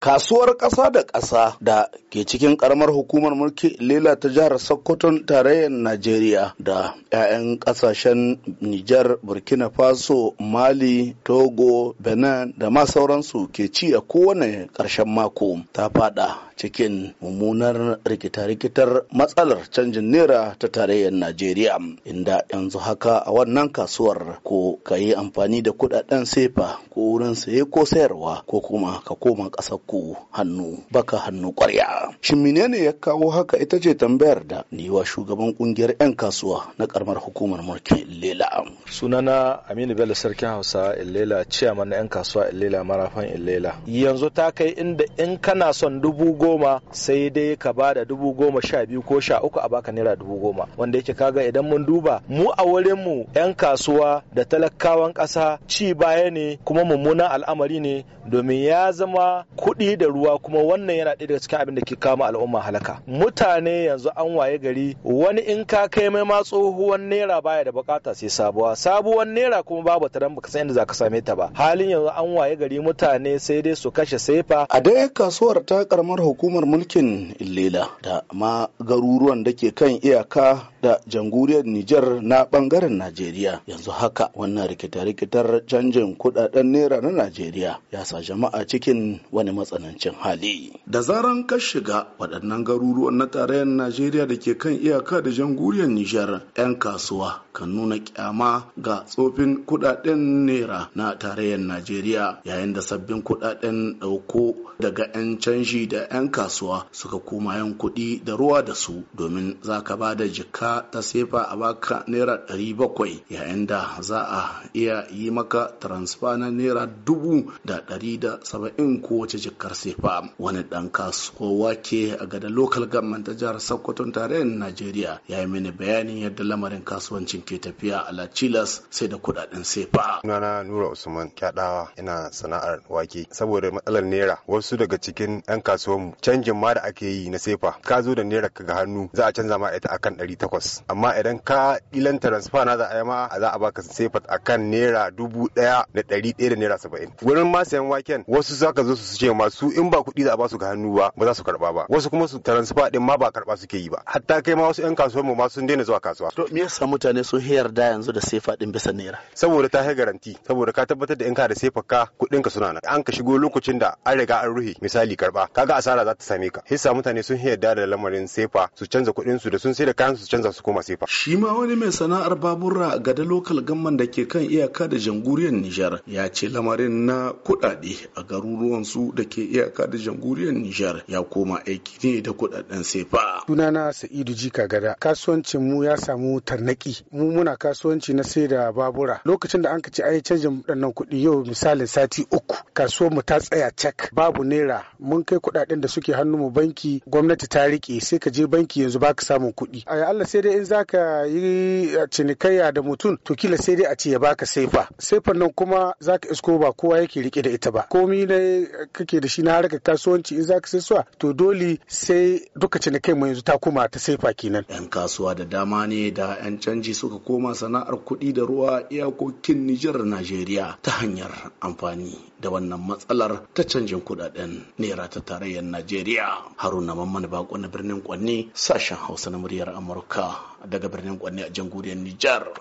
kasuwar ƙasa da ƙasa da ke cikin ƙaramar hukumar mulki lela ta jihar sokoto tarayyar najeriya da 'ya'yan ƙasashen nijar burkina faso mali togo benin da ma sauransu ke ci a kowane ƙarshen mako ta fada cikin mummunar rikita-rikitar matsalar canjin nera ta tarayyar najeriya inda yanzu haka a wannan kasuwar ko ka yi amfani da kudaden sefa ko wurin saye ko sayarwa ko kuma ka koma ƙasar ku hannu baka hannu ƙwarya shin menene ya kawo haka ita ce tambayar da niwa shugaban kungiyar 'yan kasuwa na karamar hukumar mulki illela sunana aminu bello sarkin hausa illela ciyaman na 'yan kasuwa illela marafan illela yanzu ta kai inda in kana son dubu go goma sai dai ka ba da dubu goma sha biyu ko sha uku a baka naira dubu goma wanda yake kaga idan mun duba mu a wurin mu yan kasuwa da talakawan ƙasa ci baya ne kuma mummunan al'amari ne domin ya zama kuɗi da ruwa kuma wannan yana ɗaya daga cikin abin da ke kama al'umma halaka mutane yanzu an waye gari wani in ka kai mai ma tsohuwan naira baya da bukata sai sabuwa sabuwan naira kuma babu ta dan baka san inda zaka same ta ba halin yanzu an waye gari mutane sai dai su kashe sefa a dai kasuwar ta karamar hukumar hukumar mulkin Ilela da ma garuruwan da ke kan iyaka da janguriyar Nijar na bangaren Najeriya. Yanzu haka wannan rikita-rikitar canjin kudaden naira na Najeriya ya sa jama'a cikin wani matsanancin hali. Da zaran ka shiga waɗannan garuruwan na tarayyar Najeriya da ke kan iyaka da janguriyar Nijar 'yan kasuwa kan nuna kyama ga tsofin kudaden naira na tarayyar Najeriya yayin da sabbin kudaden ɗauko daga 'yan canji da 'yan 'yan kasuwa suka koma yan kuɗi da ruwa da su domin za ka ba da jika ta sefa a baka naira ɗari bakwai yayin da za a iya yi maka transfer na naira dubu da ɗari da saba'in kowace jikar sefa wani ɗan kasuwa ke a gada lokal government ta jihar tare tarayyar najeriya ya yi mini bayanin yadda lamarin kasuwancin ke tafiya a lachilas sai da kuɗaɗen sefa. sunana nura usman kyaɗawa ina sana'ar wake saboda matsalar naira wasu daga cikin 'yan kasuwan canjin ma da ake yi na sefa ka zo da naira ka ga hannu za a canza ma ita akan ɗari takwas amma idan ka ilan transfer na za a yi ma za a baka sefa kan naira dubu ɗaya da ɗari ɗaya da naira saba'in wurin ma sayan waken wasu za ka zo su ce masu in ba kuɗi za a ba su ga hannu ba ba za su karɓa ba wasu kuma su transfer ɗin ma ba karɓa suke yi ba hatta kai ma wasu 'yan kasuwar mu ma sun daina zuwa kasuwa. to me yasa mutane sun da yanzu da sefa ɗin bisa naira. saboda ta hai garanti saboda ka tabbatar da in ka da sefa ka kuɗin ka suna nan an ka shigo lokacin da an riga an ruhe misali karɓa kaga asara asara za ta same ka hisa mutane sun yarda da lamarin sefa su canza kuɗin su da sun sai da kayan su canza su koma sefa shi ma wani mai sana'ar babura ga da lokal gamman da ke kan iyaka da jamhuriyar Nijar ya ce lamarin na kuɗaɗe a garuruwan su da ke iyaka da jamhuriyar Nijar ya koma aiki ne da kuɗaɗen sefa sunana Sa'idu Jika Gada kasuwancin mu ya samu tarnaki mu muna kasuwanci na sai da babura lokacin da an ka ce ai canjin waɗannan kuɗi yau misalin sati uku kasuwar mu ta tsaya cak babu naira mun kai kuɗaɗen da suke mu banki gwamnati ta rike sai ka je banki yanzu baka samun kuɗi a Allah sai dai in zaka yi cinikayya da mutum to kila sai dai a ce ya baka saifa saifan nan kuma zaka isko ba kowa yake rike da ita ba komi ne kake da shi na harkar kasuwanci in zaka sai suwa to dole sai duka cinikai mu yanzu ta koma ta saifa kenan yan kasuwa da dama ne da yan canji suka koma sana'ar kuɗi da ruwa iyakokin Nijar Najeriya ta hanyar amfani da wannan matsalar ta canjin kuɗaɗen naira ta tarayyar Najeriya. Haruna Mamman Bako na birnin Kwanne sashen Hausa na muryar Amurka daga birnin Kwanne a jamhuriyar Nijar.